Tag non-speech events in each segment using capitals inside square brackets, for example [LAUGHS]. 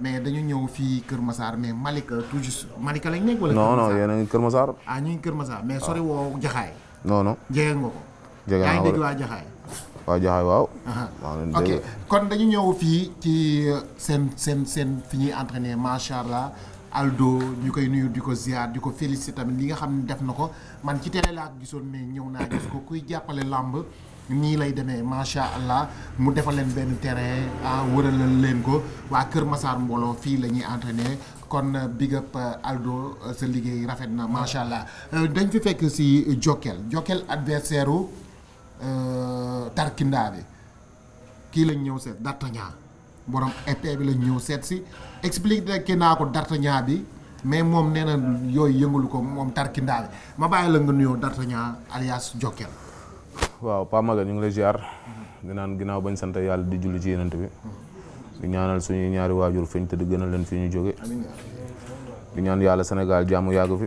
mais dañu ñëw fii Kër masaar mais Malika tout juste Malika lañ nekk wala. non non a Kër Massar. ah ñu ngi Kër Massar mais ah. sori woo Jaxaay. non non jege nga ko. jege naa ko yaa ngi dégg waa Jaxaay. waaw. ok kon dañu ñëw fii ci euh, seen seen seen fi ñuy entraîner macha allah. Aldo ñu koy nuyu di ko ziar di ko féliciter tamit li nga xam ne def na ko man ci télé laa gisoon mais ñëw naa gis ko kuy jàppale làmb nii lay demee macha allah mu defal leen benn terrain ah wëralal leen ko waa Kër Massar mbooloo fii lañuy ñuy entraîner kon euh, big up euh, Aldo euh, sa liggéey rafet na macha allah dañ fi fekk si Jokkel Jokkel adversaire u Tarkinda bi kii lañ ñëw seet D'Artagnan borom épée bi lañ ñëw seet si expliqué naa ko D'Artagnan bi mais moom nee yooyu yëngulu ko moom Tarkinda bi ma bàyyi la nga nuyoo D'Artagnan alias Jokkel. waaw Pa Maga ñu ngi lay ziar. di naan ginaaw bañ sant yàlla di julli ci yenant bi. di ñaanal suñuy ñaari waajur fiñ te di gënal leen fi jóge di ñaan yàlla Sénégal jàmm yàgg fi.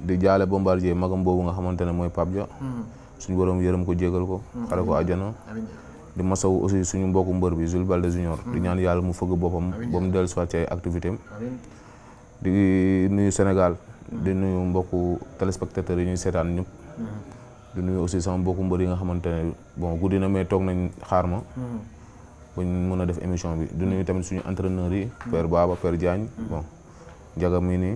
di jaale bombardier magam boobu nga xamante ne mooy Pape Dia. Hmm. suñu borom yërëm ko jégal ko. Hmm. xare ko àjjana. di masaw aussi suñu mbokku mbër bi Jules Balde Junior. di hmm. ñaan yàlla mu fëgg boppam ba mu dellu soit ci ay activité di nuyu Sénégal. di nuyu mbokku téléspectateurs yi ñuy seetaan ñëpp. du nuyu aussi sama mbokku mbër yi nga xamante ne bon guddi na mais toog nañ xaar ma. Hmm. ba ñu mën a def émission bi du hmm. nuyu tamit suñu entraîneurs yi. Hmm. père Baba père Diagne. bon Ndiaga mii ni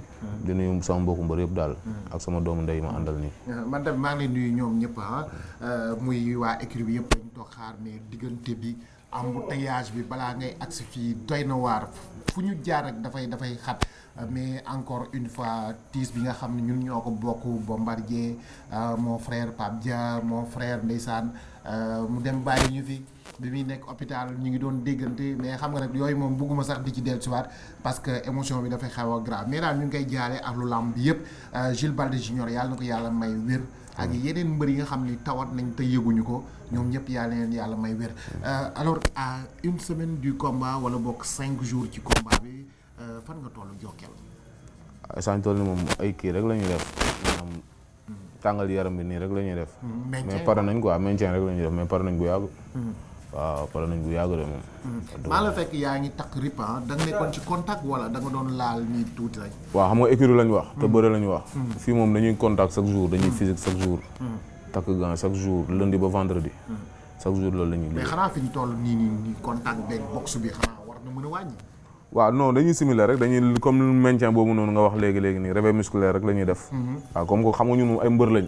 du nuyu sama mbokku mbër yëpp daal. ak sama doomu ndey ma àndal nii. man tamit maa ngi leen nuyu ñoom ñëpp ah euh, muy waa équipe bi yëpp dañu toog xaar mais diggante bi. embouteillage bi balaa ngay agsi fii doy na waar fu ñu jaar rek dafay dafay xat mais encore une fois tiis bi nga xam ne ñun ñoo ko bokk Bombardier euh, mon frère Pape Dia mon frère ndeysaan Euh, mu dem bàyyi ñu fi bi muy nekk hôpital ñu ngi doon déggante mais xam nga rek yooyu moom bëgguma sax di ci dellusiwaat parce que émotion bi dafay xaw a grave mais daal ñu ngi koy jaale ak lu yëpp euh, Jules Baldé Junior yàlla na ko yàlla may wér. ak mm. yeneen mbër yi nga xam ni tawat nañ tey yëguñu ko ñoom ñëpp yàlla leen yàlla may wér. Mm. Euh, alors à une semaine du combat wala bokk cinq jours ci combat bi fan nga tollu Jokal. sànq toll moom ay kii rek la ñu def tàngal yaram bi nii rek la ñuy def. mais pare nañ quoi maintien rek la ñuy def mais pare nañ bu yàgg. Hmm. waaw pare nañ bu yàgg de moom. Hmm. maa la fekk yaa ngi takk rip ah. da nga nekkoon ci contact wala da nga doon laal nii tuuti rek. waaw xam nga écurie lañ wax. te hmm. bëre lañ wax. fii moom dañuy contact chaque jour dañuy physique chaque jour. takk gant chaque jour lundi ba vendredi. chaque jour loolu la ñuy fi ñu toll nii nii waaw non dañuy similaire rek dañuy comme maintien boobu noonu nga wax léegi léegi nii réveil musculaire rek la ñuy def. Mhm. waaw comme ko xam nga ñun ay mbër lañ.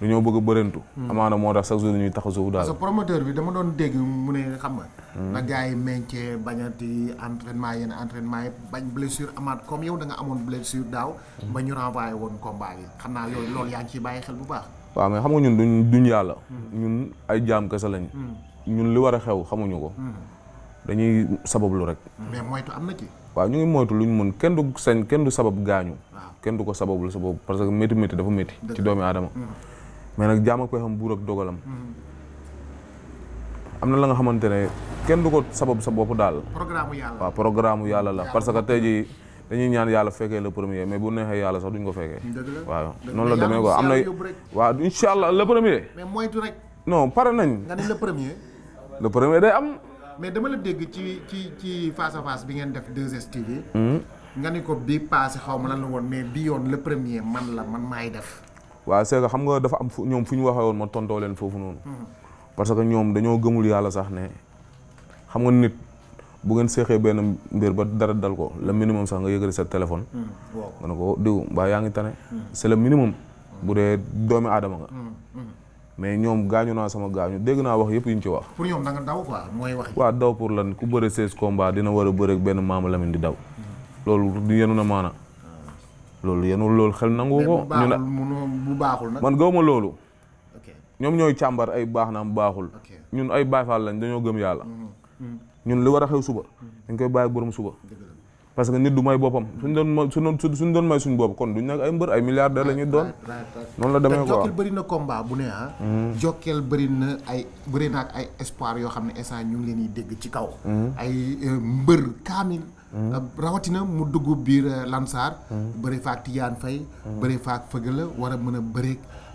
dañoo mhm. bëgg a bërentu. Mhm. amaana moo tax chaque jour dañuy tax a suuf daal. parce que promoteur bi dama doon dégg mu ne xam nga. na gars yi maintien bañati entraînement yenn entraînement yi bañ blessure amaat comme yow da nga amoon blessure daaw. ba ñu renvoyé woon combat yi xam naa loolu loolu yaa ngi ciy bàyyi xel bu baax. waaw mais xam nga ñun duñ duñ yàlla. ñun ay jaam kese lañ. ñun li war a xew xamuñu ko. dañuy sabablu rek. mais moytu am na waaw ñu ngi moytu lu ñu mën kenn du sañ kenn du sabab gaañu. kenn du ko sabablu sa bopp parce que métti métti dafa métti. ci doomi aadama. Mm. mais nag jaam ak pexam buur ak dogalam. Mm. na la nga xamante ne kenn du ko sabab sa bopp daal. programme yàlla waaw programme yàlla la parce que tey ji dañuy ñaan yàlla fekkee le premier mais bu neexee yàlla sax duñ ko fekkee. waaw noonu la demee ko am na waaw incha allah le premier. mais pare nañ. nga premier day am. mais dama la dégg ci ci ci face à bi ngeen def 2STV. Hmm. nga ni ko bii passé xaw ma lan la woon mais bii yoon le premier man la man maay def. waa c'est xam nga dafa am fu ñoom fu ñu waxee woon ma tontoo leen foofu noonu. Hmm. parce que ñoom dañoo gëmul yàlla sax ne xam nga nit bu ngeen seexee benn mbir ba dara dal ko le minimum sax nga yëgale sa téléphone. Hmm. nga ne ko diw mbaa yaa ngi tane. c'est le minimum. bu dee doomi aadama nga. mais ñoom gaañu naa sama gaañu dégg naa wax yëpp yu ñu ci wax. pour ñoom da nga daw quoi mooy wax. waaw daw pour lan ku bëre seize combat dina war a bëre ak benn Mama Lamine di daw. loolu yenu na maana. loolu yenu loolu xel nangu ko. ñu ne bu baaxul nag. man gaw ma loolu. ñoom ñooy càmbar ay baax na mu baaxul. ñun ay Baay Faal lañ dañoo gëm yàlla. Mm-hmm. Mm-hmm. ñun li war a xew suba. dañ koy bàyyi borom suba. parce que nit du may boppam suñ doon may suñ doon may suñ bopp kon duñ nekk ay mbër ay milliardaires la doon. noonu la demee quoi Jokal bëri na combat bu ne a ah. mm-hmm. jokkeel bëri na ay bëri na ak ay espoir yoo xam ne instant ñu ngi leen di dégg ci kaw. Mm-hmm. ay euh, mbër kaamil. Mm-hmm. Euh, rawatina mu dugg biir euh, Lansar. bëri faa ak Tidiane Faye. bëri fa ak Fëgala war a mën a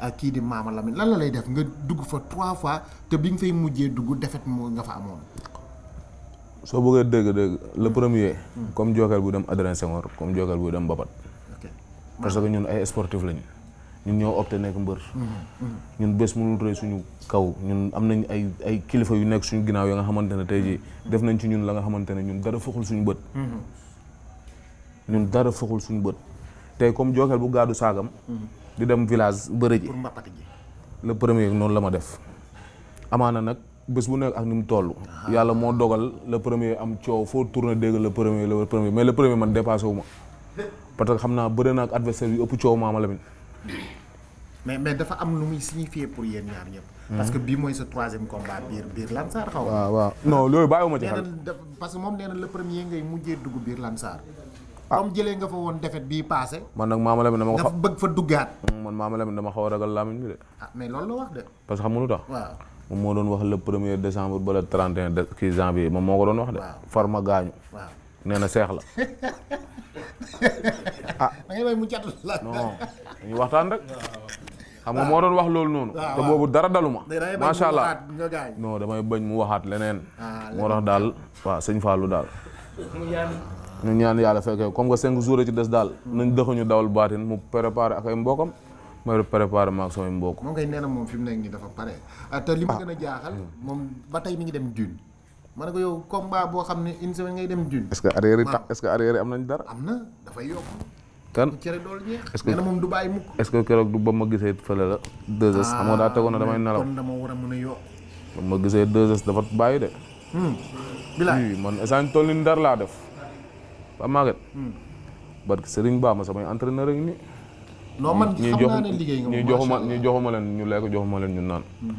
ak kii di Maama Lamine lan la lay def nga dugg fa trois fois te bi nga fay mujjee dugg defet moo nga fa amoon. soo bëggee dëgg-dëgg le premier. comme jokkal bu dem adresse Senghor comme jokkal bu dem Mbapat. parce que ñun ay sportif lañu. ñun ñoo opté nekk mbër. Mm-hmm. Mm-hmm. ñun bés mënul rëy suñu kaw ñun am nañ ay ay kilifa yu nekk suñu ginnaaw yi nga xamante ne tey jii mm-hmm. def nañ ci ñun la nga xamante ne ñun dara faxul suñu bët. ñun dara faxul suñu bët. tey comme jokkal bu gaadu saagam. di dem village bëre ji. pour mbapati ji. le premier noonu la ma def. amaana nag. bis bu nekk ak ni mu toll. Ah. yàlla moo dogal le premier am coow foo tourné dégg le premier le premier mais le premier man dépassé wu ma parce que xam naa bëri na ak adversaire yu mais mais am lu muy pour yéen ñaar ñëpp. Hmm. parce que bii mooy sa troisième combat biir biir Lansar xaw ma. waaw waaw non loolu bàyyiwuma ci xel. parce que moom nee na le premier ngay mujjee dugg ah. nga fa woon defet bii man nag Maama Lamine dama ko. dafa bëgg fa duggaat. Hmm, man Maama dama xaw ragal Lamine bi de. ah mais loolu la wax de. parce que xam nga lu tax. moom moo doon wax le premier décembre ba le 31 de kii janvier moom moo ko doon wax de. farma gaañu. waaw nee na seex la. [LAUGHS] ah da waxtaan xam nga moo doon wax loolu noonu. te boobu dara daluma. macha allah non damay bañ mu waxaat ah, leneen. moo tax daal waaw sëñ Fallou daal. ñu ñaan yàlla fekkee comme que cinq jours ci des daal. nañ dëxuñu dawal baatin mu préparé ak ay mooy préparé ma ak samay mbokk. moom ngay nee na moom fi mu nekk dafa pare. Ah, te li ma ah. gën a jaaxal. moom ba tey mi ngi dem dune. ma ne ko yow combat boo xam ne une semaine ngay dem dune. est ce que arrière tax est ce que arrière am nañ dara. am na dafay yokk. kan cere dool ñeex. est ce que keroog du ba ma gisee fële la. 2 ah, daa tegoon na damay nelaw a mën ba ma gisee 2 dafa bàyyi de. Hmm. bilaay man instant toll ni ndar laa def. ba màgget. parce hmm. que Serigne ma non man xam naa ne liggéey nga ñu ma ñu joxuma leen ñu lekk joxuma leen ñu naan. Hmm.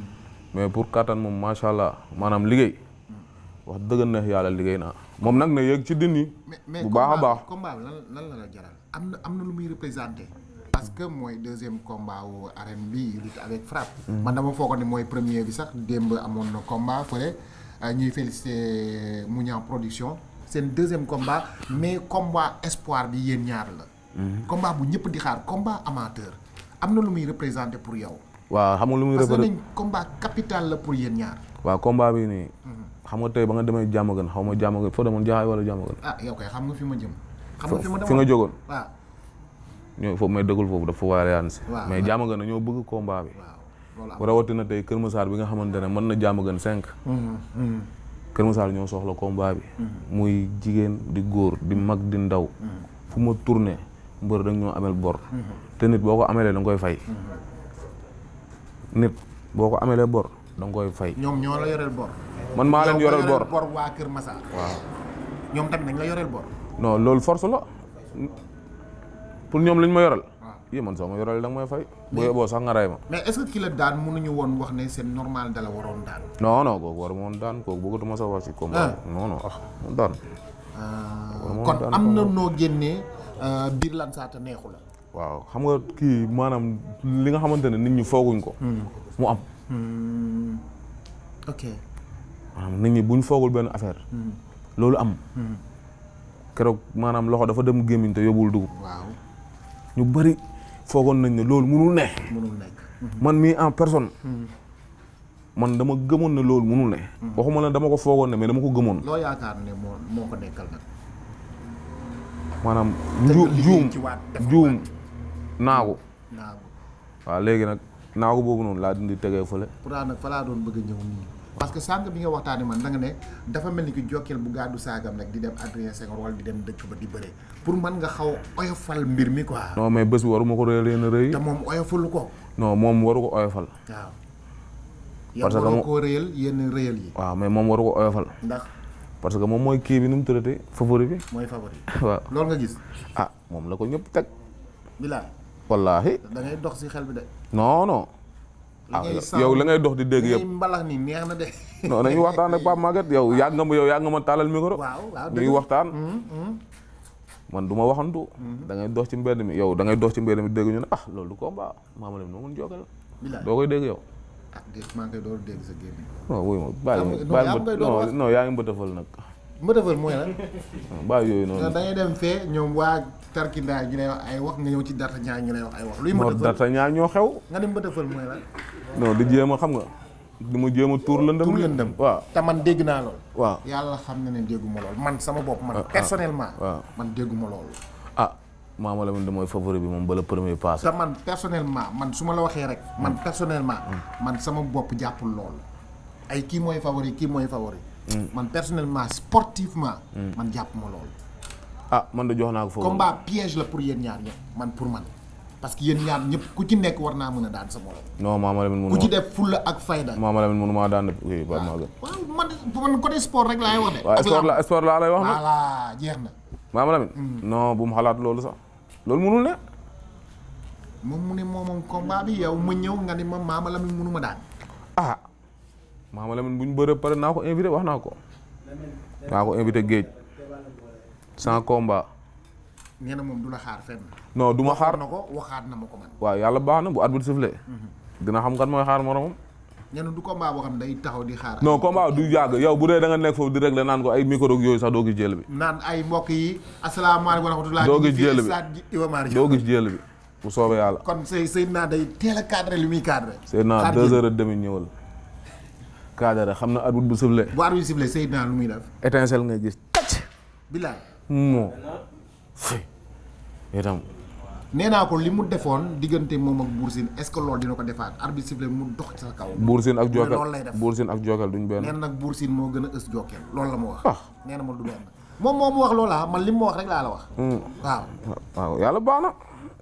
mais pour kattan moom macha allah maanaam liggéey. Hmm. wax dëgg neex yàlla liggéey naa moom nag na yëg ci dindi. bu baax a baax mais combat lan la la jaral am na am na lu muy représenté. parce que mooy deuxième combat wu arène bi lutte avec frappe. Hmm. man dama foogoon ne mooy premier bi sax démb amoon na combat fële euh, ñuy félicité Mouniang production seen deuxième combat mais combat espoir bi yéen ñaar la. combat bu ñëpp di xaar combat amateur am na lu muy représenté pour yow. waaw xam nga lu muy représenté parce que capital la pour yéen ñaar. waaw combat bi nii. Mhm. xam nga tey ba nga demee jàmm gën xaw ma jàmm gën foo demoon wala jàmm gën. Ah, xam nga fi ma jëm. xam nga fi ma demoon fi nga jógoon. waaw. foofu may dëggul foofu dafa war a si. mais jàmm gën ñoo bëgg komba bi. waaw rawatina tey Kër Massar bi nga xamante ne mën na jàmm gën cinq. Mhm, mhm. Kër Massar ñoo soxla combat bi. muy jigéen di góor di mag di ndaw. fu ma tourné mbër da nga ñoo amel bor te nit boo ko amelee da nga koy fay nit boo ko ameelee bor da nga koy fay ñoom ñoo la yoreel bor man maa leen yoreel bor bor waa Kër Massar waaw ñoom tamit dañ la yoreel bor non loolu force la ñoom lañ ma yoreel yé man soo ma yoreel da nga fay bu yeboo sax nga rey ma mais est-ce que ki wax ne c'est da la waroon daan non non kooku war moon daan kooku bëggatuma sax wax ci combat ah moon ah, daan ah, kon am na noo génnee Euh, biir neexu la. waaw xam nga kii maanaam li nga xamante ne nit ñi fooguñ ko. Hmm. mu am. Hmm. ok. maanaam nit ñi buñ foogul benn affaire. Hmm. loolu am. keroog maanaam loxo dafa dem gémmiñ te yóbbul dugub. ñu bëri foogoon nañ ni loolu munul ne. munul nekk man mii en personne. man dama gëmoon ne loolu munul ne. waxuma ne dama ko foogoon ne mais dama ko gëmoon. loo yaakaar ne moo moo ko nekkal nag. maanaam juum juum naagu naagu waaw léegi nag naagu boobu noonu laa dindi tegee fële pourtant nag fa doon bëgg ñëw nii parce que sànq bi nga waxtaanee man nanga ne dafa mel ni ki jokkeel bu gàddu saagam rek di dem Adrien Senghor wala di dem dëkk ba di bëre pour man nga xaw oyofal mbir mi quoi non mais bés bi waru ma ko réer leen a rëy te moom oyofalu ko non moom waru ko oyofal waaw parce que waroo koo réyal yenn réyal yi waaw mais moom waru ko oyofal ndax parce que moom mooy kii bi nu mu tëratee favori bi. mooy favori [LAUGHS] waaw loolu nga gis. a ah, moom la ko ñëpp teg. bilaay. wallaahi. da ngay dox si xel bi de. non non. ah yow la ngay dox di dégg yëpp mbalax ni neex na de. non nañu waxtaan ak Pape Maguette yow yàgg nga ma yow yàgg nga ma taalal micro. waaw waaw waxtaan. Mm, mm. man du ma waxantu. Mm. da ngay dox ci mbedd mi yow da ngay dox ci mbedd mi dégg ñu ne ah loolu du combat maama leen moo mën jogal. doo koy dégg yow. maa ngi koy door dégg sa gémmiñ. non wuy ma bàyyi bàyyi non non yaa ngi mbëtëfal nag. mbëtëfal mooy lan. bàyyi yooyu noonu. da ngay dem fee ñoom waa Tarkinda ñu lay wax ay wax nga ñëw ci Darta ñaar ñu lay wax ay wax. luy mbëtëfal moo Darta ñaar ñoo xew. nga ne mbëtëfal mooy lan. non di jéem a xam nga. di ma jéem a tuur lëndëm. tuur lëndëm waaw. te man dégg naa lool. waaw yàlla xam na ne déggu ma lool man sama bopp. man ah, ah. personnellement. man déggu ma lool. Maama Lamine da mooy favori bi moom ba la premier passe. te man personnellement man su ma la waxee rek. man mm. personnellement. Mm. man sama bopp jàppul loolu. ay kii mooy favori kii mooy favori. Mm. man personnellement sportivement. man jàpp ma loolu. ah man da jox naa ko favori. combat piège la pour yéen ñaar ñëpp man pour man. parce que yéen ñaar ñëpp ku ci nekk war naa mën a daan sa morom. non Maama Lamine mënu ku ci def fulla ak fayda. Maama Lamine mënu maa daan de. man jeex na. Maama Lamine. bu mu xalaat loolu sax. loolu munul ne. moom mu ne moomam combat bi yow ma ñëw nga ni ma Maama Lamine ma daan. ah Maama Lamine bu ñu bëree pare naa ko invité wax naa ko. naa ko invité géej. sans combat. nee na moom du xaar fenn. du ma xaar na ko waxaat na ma ko man. yàlla baax na bu arbitre sifflé. Mhm. dina xam kan mooy xaar moromam. ñenn du combat boo xam ne day taxaw di xaar. non combat du yàgg yow bu dee da nga nekk foofu di régler naan ko ay micro yooyu sax doo gis jël bi. naan ay mbokk yi asalaamaaleykum wa rahmatulah. doo gis jël bi doo bu soobee yàlla. kon say Seydina day teel a cadré li muy cadré. Seydina deux heures et ñëwal. cadré xam na arbitre bu sifflé. bu arbitre bu sifflé Seydina lu muy def. étincelle nga gis tàcc. moo. nee naa ko li mu defoon diggante moom ak Bour Sine loolu dina ko defaat arbitre sifflé mu dox ci sa kaw. Bour Sine ak Jokal lay def Bour Sine ak Jokal duñ benn. nee na nag Bour Sine a ës Jokal loolu la ma wax. ah nee na ma du benn moom moo mu wax la wax. Hmm. waaw. yàlla baax na.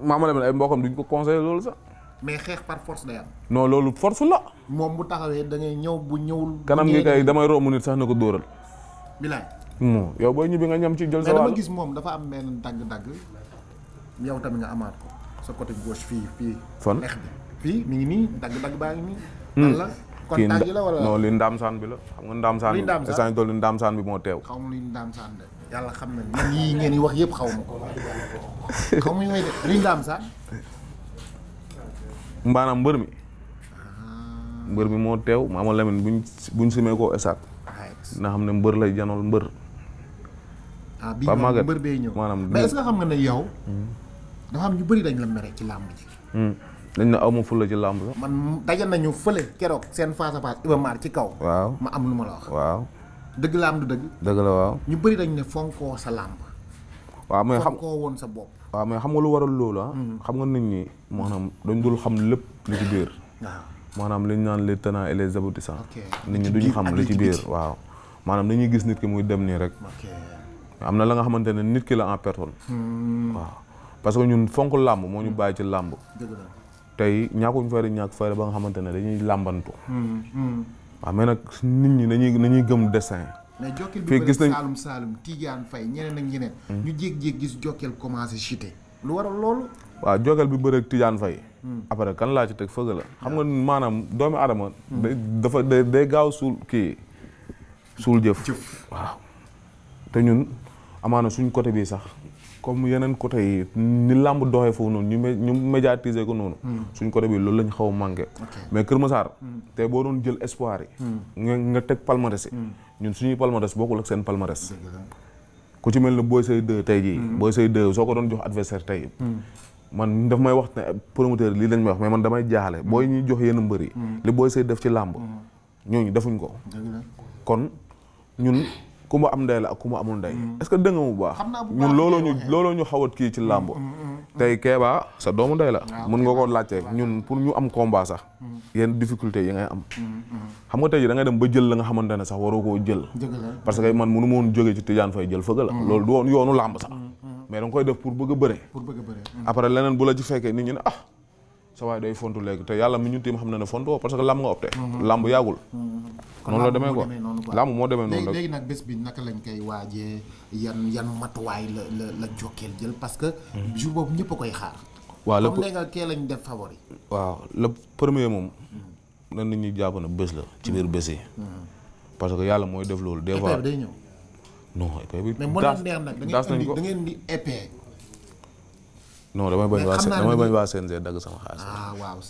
maa ma ay mbokkam duñ ko conseillé loolu sax. mais xeex par force day loolu force la. moom mu taxawee da ñëw bu ñëwul. kanam gi kay damay romb nit sax na ko dóoral. bilaay. Hmm. yow booy ñibbi nga ñam ci jël sa wàll mais dama gis moom dafa am benn dagg-dagg yow tamit nga amaat ko sa côté gauche fii fii. fan lex fii mi ngi nii dagg-dagg baa ngi nii. Hmm. la kontaan ndaamsaan bi la. xam nga ndaamsaan bi instant dool li bi moo teew. xaw ma luy ndaamsaan yàlla xam na wax yëpp xaw ma ndaamsaan. maanaam mbër mi. Ah. mbër mi moo teew Maama Lamine buñ buñ simee koo esaat. na xam ne mbër lay janool mbër. ah bii mbër bee ñëw maanaam mais est-ce xam nga ne yow. Hmm. dafa ñu bëri dañ la mere ci làmb hmm. dañ ne aw ma fulla ci làmb man daje nañu fële keroog seen face à ci kaw. waaw ma am lu ma la dëgg la am du la waaw. ñu bëri dañ ne fonkoo sa làmb. xam fonkoo woon sa bopp. waaw mais xam nga lu waral loolu ah? hmm. xam nga nit ñi maanaam dañ dul xam lépp li ci biir. maanaam li ñu naan les tenants et les aboutissants. nit ñi duñu xam li ci biir waaw. maanaam dañuy gis nit ki muy dem nii rek. am na la nga xamante ne nit ki la en personne. Hmm. waaw. parce que ñun fonk làmb moo ñu mm. bàyyi ci làmb tey ñàkkuñ fayda ñàkk fayda ba nga xamante ne dañuy làmbantu mm, mm. waaw mais nag nit ñi dañuy dañuy gëm dessin mais gis bi bëri Saalum Saalum Tidiane Faye ñeneen ak ñeneen ñu jéeg-jéeg gis Jokal commencé chuter lu waral loolu waaw Jokal bi bëri ak Tidiane Faye après kan laa ci teg fëgg la xam nga maanaam doomu aadama dafa day gaaw suul kii suul jëf waaw te ñun amaana suñ côté bii sax comme yeneen côté yi ni làmb doxee foofu noonu ñu ñu médiatiser ko noonu. Hmm. suñ côté bi loolu lañ xaw a manqué. mais Kër saar hmm. te boo doon jël espoir yi. Hmm. nga nga teg palmarès yi. ñun suñuy palmarès bokkul ak seen palmarès. ku ci mel ne Boy Seye 2 tey jii. Boy Seye soo ko doon jox adversaire tey. man daf may wax ne promoteur lii lañ may wax mais man damay jaaxale booy ñuy jox yenn mbër yi. li Boy Seye def ci làmb. ñooñu defuñ ko. kon ñun. ku am ndey la ak ku amu amul ndey. Mm. est-ce que dënga mu baax. ñun looloo ñu looloo ñu xawat kii ci mm, làmb. Mm, tey Kéba sa doomu ndey la. Ah, mën nga koo laajte ñun pour ñu am combat sax. yenn difficulté yi ngay am. xam nga tey jii da ngay dem ba jël la nga xamante ne sax waroo koo jël. parce que man mënu ma woon jógee ci Tidiane Faye jël fëgg la. loolu du yoonu làmb sax. mais da koy def pour bëgg a bëre. pour bëgg a après leneen bu la ci fekkee nit ñu ne ah. sa waay day fontu léegi te yàlla mi ñu tiim xam na ne fontu woo parce que làmb nga opté mhm. làmb yàggul mhm. noonu la demee quoi làmb moo demee noonu bi naka lañ koy waajee yan yan matuwaay la la la jokkeel jël parce que mhm. jour boobu ñëpp koy xaar waaw lépp comme lañ def favori waaw le premier moom na nit ñi jàpp na bés la ci biir bés yi parce que yàlla mooy def loolu des fois day ñëw non épée neex nag da ngeen di da non damay bañ waa damay bañ waa dagg sama xaalis. ah waaw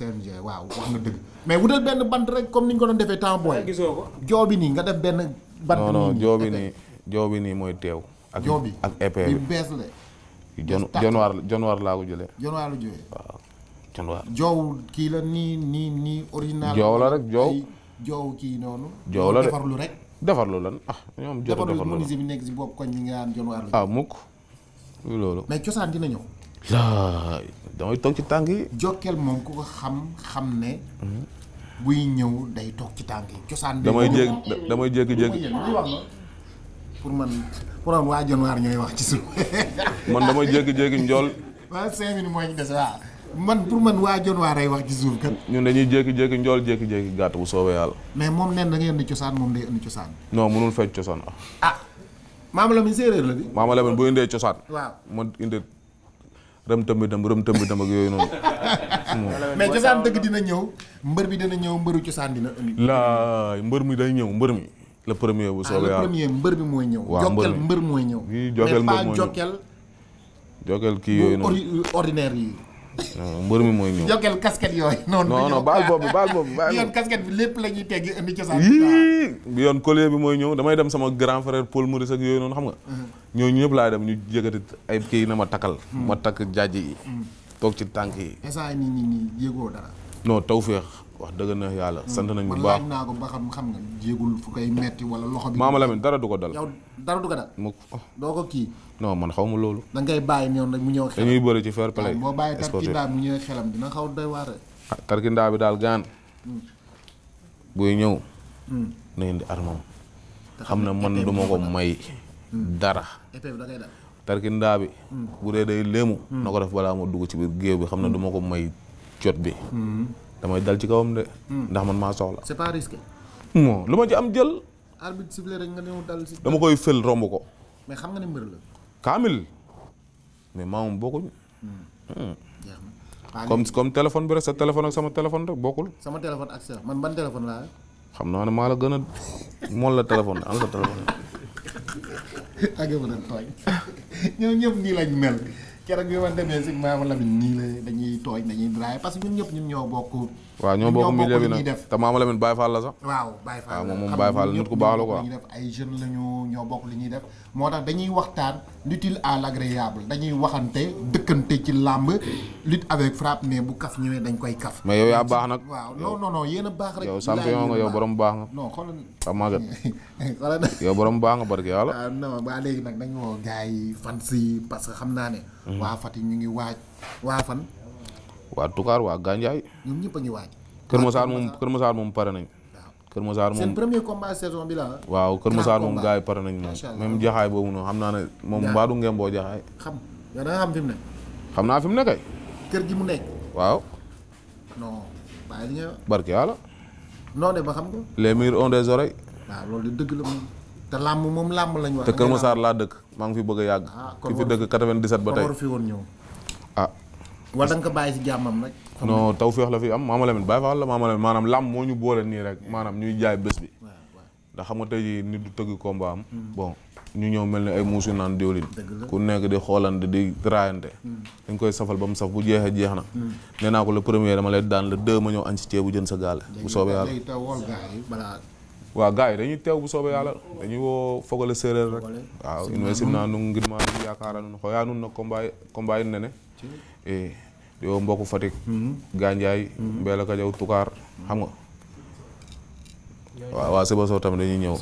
waaw wax nga dëgg. mais dee benn bant rek comme ni ñu ko doon defee temps booy. Ah, gisoo joo bi nii nga def benn. bant non non joo bi nii joo bi nii mooy teew. ak joo bi ak EP bees la. jon jonwaar jonwaar laa ko jëlee. jonwaar la jëlee waaw jonwaar. joow kii la nii nii nii original. joow la rek joow joow kii noonu. joow la de defarlu rek. defarlu lan ah ñoom jot a defarlu lan bi nekk si bopp koñ bi nga naan jonwaar la. ah mukk loolu. mais cosaan dina ñëw. laa damay toog ci tànk yi. Jokal moom ku ko xam xam ne. buy ñëw day toog ci tànk yi cosaan. damay jég damay jékki-jékki pour man pour man waa Jonwaar ñooy wax ci suuf. [LAUGHS] man damay jékki-jékki njool. waaw cinq minutes man pour man waa Jonwaar ay wax ci suuf kat. ñun dañuy jékki njool jékki-jékki gàtt bu soobee yàlla. mais moom nee da nga indi cosaan moom day indi cosaan. non mënul fecc cosaan ah. ah séeréer la bi. Maama Lamine bu indee cosaan. waaw mu indi. rëm tëmbi dem rëm tëmbi dem ak yooyu noonu. [LAUGHS] mais cosaan dëgg dina ñëw mbër bi dina ñëw mbëru cosaan dina indi. laay mbër mi day ñëw mbër mi. le premier bu soobee ah le mbër bi mooy ñëw. waaw mbër mi mbër mooy ñëw. mais pas Jokal. Jokal kii yooyu noonu ordinaire yi. mbër mi mooy ñëw yokkal casquette yooyu. non non baal boobu baal boobu baal boobu. yoon casquette bi lépp la ñuy teggi indi cosaan bi yoon collier bi mooy ñëw damay dem sama grand frère Paul Maurice ak yooyu noonu xam nga. Mm-hmm. ñooñu ñëpp laa dem ñu jëkkati ay kii na ma takkal. Mm-hmm. ma takk jaaj yi. Mm-hmm. toog ci tànk yi. instant yii nii nii yëgoo taw féex. wax dëgg na yàlla hmm. sant nañ bu baax man laaj ko ba xam xam nga jéegul fu koy metti wala loxo dara du ko dal. yow dara du ko dal. mu oh. doo ko kii. non man xaw ma loolu. da ngay bàyyi ñoom rek mu ñëw xelam dañuy bëri ci fair play. boo bàyyi tarkindaa mu ñëw xelam dina xaw ah, bi daal gaan. Hmm. ñëw. Hmm. na indi armam. xam ne man du ma ko may. dara. tarkindaa bi. bu dee day léemu. na ko def balaa ma dugg ci biir géew bi xam ne du ko may jot bi. damay dal ci kawam de. Hmm. ndax man maa soxla. c'est pas risqué. non lu ma ci am jël. arbitre sifflé rek nga ñëw dal dama koy fël romb ko. mais xam nga ne mbër la. kaamil. mais maamam bokkuñ. Hmm. Ah, comme comme téléphone bi rek sa téléphone ak sama téléphone rek bokkul. sama téléphone ak sa man ban téléphone laa. xam naa ne maa la gën a mool la téléphone am sa téléphone. [LAUGHS] ak yow nag nii lañ mel. keroog bi ma demee si maama Lamine nii la dañuy tooñ dañuy draay parce que ñun ñëpp ñun ñoo bokk. waaw ñoo bokk milieu bi nag te maama Lamine Baye Fall la sax. waaw Baye Fall ah, la waaw moom moom Baye Fall nit ku baax la quoi ñuy def ay li ñuy def moo tax dañuy waxtaan waxante dëkkante ci làmb lutte avec frappe mais bu kaf ñëwee dañ koy kaf. mais yow yaa baax nag. waaw non non non yéen a baax rek. yow champion nga yow borom baax nga. non xoolal ah Maguette. [LAUGHS] xoolal yow borom baax nga barke yàlla. waaw ah, non léegi nag dañu woo gars yi que xam naa ne hmm. Mm. waa Fatick ñu ngi waaj. waa fan. waa Toucar waa Gandiaye. ñun ñëpp a Kër Masar moom Kër Masar moom pare nañ. Kër Masar moom seen saison bi la ah. waaw Kër Masar moom gars yi pare nañ moom jaxaay boobu noonu xam naa ne moom mbaadu ngeen boo jaxaay xam xam fi mu xam naa fi mu ne kay kër gi mu nekk waaw barke yàlla non de ba xam les murs ont des oreilles loolu de dëgg la te làmb moom làmb lañ wax. te Kër Masar laa dëkk maa ngi fi bëgg a yàgg. Ah, ki fi dëkk 97 ba tey kon fi woon ñëw. ah. wala da nga taw féex la fi am Maama Lamine bàyyi la Maama Lamine maanaam làmb moo ñu boole nii rek maanaam ñuy jaay bés bi. ndax xam nga tey jii nit du tëgg combat am. Mm. bon ñu ñëw mel ni ay muusu naan diwlin. ku nekk di xoolante di raayante. Mm. dañ koy safal ba mu saf bu jeexee jeex na. Mm. nee naa ko le premier dama lay daan le deux ma ñëw añ si ceebu jën sa gaale. bu soobee yàlla waaw gaa yi dañuy teew bu soobee yàlla mm. dañuy woo fogale séeréer rek waaw in way simna nun ngir ma nun yaakaara nun xoyaa nun na combat nene e di woo mbokku Fatick mm-hmm. Gandiaye Mbeel ak Jaw Tukaar xam nga waaw waaw Sibassor tamit dañuy ñëw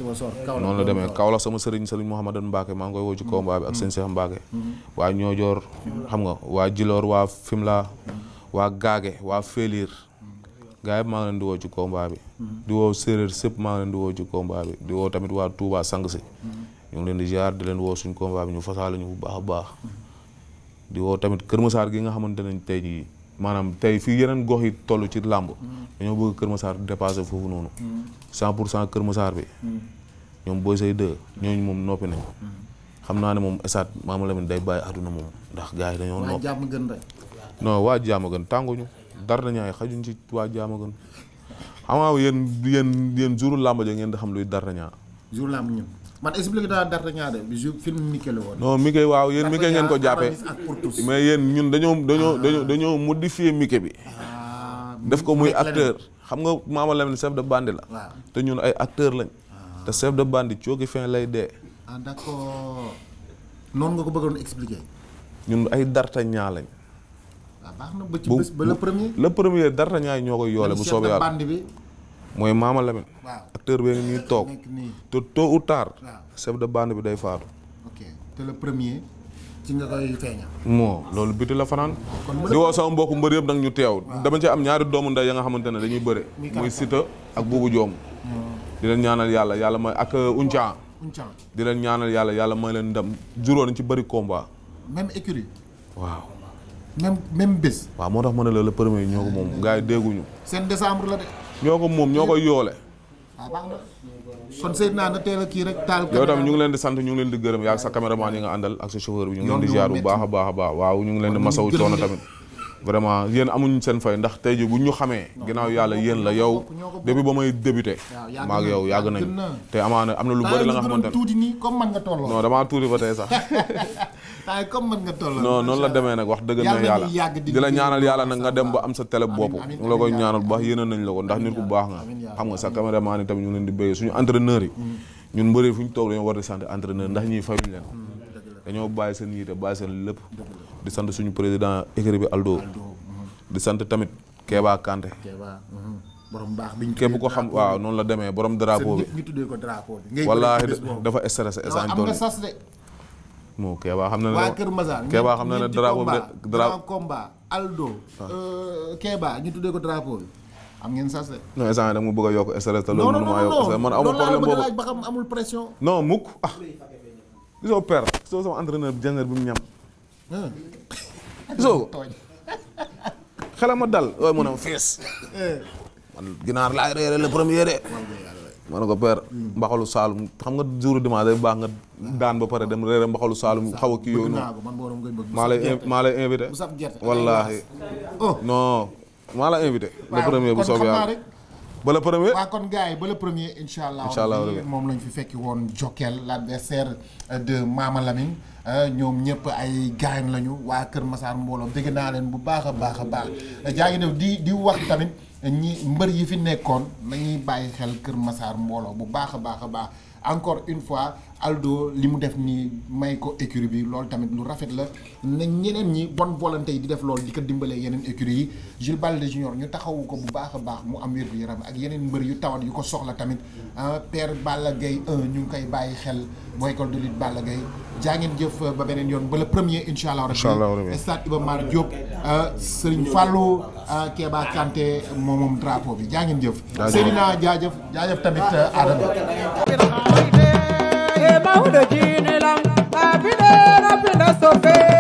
noonu la demee Kaolack sama sëriñ sëriñ Mouhamadan Mbacke maa ngi koy woo ci combat bi ak mm-hmm. sëñ Cheikh Mbacke mm-hmm. waa Ñoojoor xam nga waa Jiloor waa Fimela waa Gaage waa Féliir gaa yëpp maa ngi leen di woo ci combat bi. Mm-hmm. di woo séeréer sëpp maa ngi leen di woo ci combat bi di woo tamit waa Touba sang si. Mm-hmm. ñu ngi leen di ziar di leen woo suñ combat bi ñu fasaale ñu bu baax a baax. Mm-hmm. di woo tamit Kër Masar gi nga xamante ne tey jii maanaam tey fii yeneen gox yi tollu ci làmb. dañoo bëgg Kër Masar dépassé foofu noonu. 100 pour cent Kër Masar bi. ñoom Boy Sey 2 ñooñu moom noppi nañu. xam naa ne moom esaat Maama Lamine day bàyyi àdduna moom ndax gars yi dañoo. noppi waa jàmm gën rek. non waa jàmm gën tànguñu. dara ñaay xajuñ ci waa jaama gën xam nga yéen yéen yéen jouru ngeen di xam luy dara ñaa jour làmb ñun man ñaa de bi jour film waaw yéen Mike ngeen ko jàppee mais yéen ñun dañoo dañoo ah. dañoo dañoo modifié Mike bi ah, def ko muy acteur xam nga Mama Lamine chef de bande la te ñun ay acteur lañ te ah. chef de bande cooki fin lay dee ah d'accord noonu nga ko bëggoon expliquer ñun ay darta ñaa lañ Ah, baax na ba ci ba le premier. le premier dara ñaay ñoo koy yoole bu soobee yàlla mooy Maama Lamine. waaw acteur bee ngi ñuy toog. te tôt ou tard. chef de bande bi day faatu. ok te le premier. ci nga koy moo loolu biti la fanaan. di woo sama mbokku mbër yëpp nag ñu teew. dama ci am ñaari doomu ndey ya nga xamante ne dañuy bëre. muy Siteu ak Boubou Diom. di leen ñaanal yàlla yàlla may ak euh, Unca. di leen ñaanal yàlla yàlla may leen ndam juróon ci bëri combat. même waaw. même même bis waaw moo tax ma ne la le premier ñoo ko moom gars yi dégguñu. seen décembre la de. ñoo ko moom ñoo koy yoole. waaw ah, baax na kon Seydina na teel a kii rek taal. yow tam ñu ngi leen di sant ñu ngi leen di gërëm yaa sa caméraman yi nga àndal ak sa chauffeur bi ñu ngi leen di ziar bu baax a baax a baax waaw ñu ngi leen di masawu coono tamit. vraiment yéen amuñu seen fay ndax tey jii bu ñu xamee ginnaaw yàlla yéen la yow depuis ba may débuté maa ak yow yàgg nañu te amaana am na lu bari la nga xamante ne tuuti comme nga damaa tuuti tey sax waaye comme man nga [LAUGHS] noonu la demee nag wax dëgg na yàlla di la ñaanal yàlla nag nga dem ba am sa télé bopp ñu la koy ñaanal bu baax yéene nañ la ko ndax nit ku baax nga xam nga sa caméraman yi tamit ñu ngi leen di béy suñu entraîneur yi mm. ñun mbëri fu ñu toog dañoo war di sant entraîneur ndax ñuy fayuñ leen mm, dañoo bàyyi seen yiite bàyyi seen lépp di sant suñu président écurie bi Aldo. Mhm. di sant tamit Kéba Kanté. Kéba mhm. borom baax bi ñu képp ko xam waaw noonu la demee borom drapeau bi. ñu tuddee ko drapeau bi. ngay wallaahi dafa stressé instant xam na ne waa xam na ne drapeau bi drapeau combat Aldo. Ah. Euh, Kéba ñu tuddee ko drapeau bi. am ngeen bëgg yokk stress te loolu. non ba xam amul pression. non mukk ah. gisoo père. gisoo sama entraîneur bi bi mu ñam. Hmm. gisoo ko xelam ma dal waaye mu ne ma fees man ginaar laay reere le premier de ma ko père mbaxalu saalum xam nga jour dimanche day baax nga daan ba pare dem reere mbaxalu saalum xaw a kii yooyu noonu maa lay invité wallaahi oh. non maa la invité le premier bu soobee yàlla ba le premier waaw kon yi ba le premier lañ fi fekki woon Jokal l'adversaire de Mama Ah, ñoom ñëpp ay gaañ lañu waa Kër Massar mbooloo dégg naa leen bu baax a baax a baax jaa ngi def di di wax tamit ñi mbër yi fi nekkoon nañuy bàyyi xel Kër masaar mbooloo bu baax a baax a baax. encore une fois Aldo li mu def nii may ko écurie bi loolu tamit lu rafet la na ñeneen ñi bonne volonté yi di def loolu di ko dimbalee yeneen écurie yi Jules Baldé Junior ñu taxawu ko bu baax a baax mu am wér-gu-yaram ak yeneen mbër yu tawat yu ko soxla tamit ah, père Balla Gaye ñu ngi koy bàyyi xel bu école de lutte Balla Gaye jaa ngeen jëf ba beneen yoon ba le premier incha allah rabbi stade Iba Mar Diop ah, Serigne Fallou ah, Kéba Kanté moom moom drapeau bi jaa ngeen jëf Seydina jaajëf jaajëf tamit Adama Dawda jiini lam, aa biɗeena pinda sofe.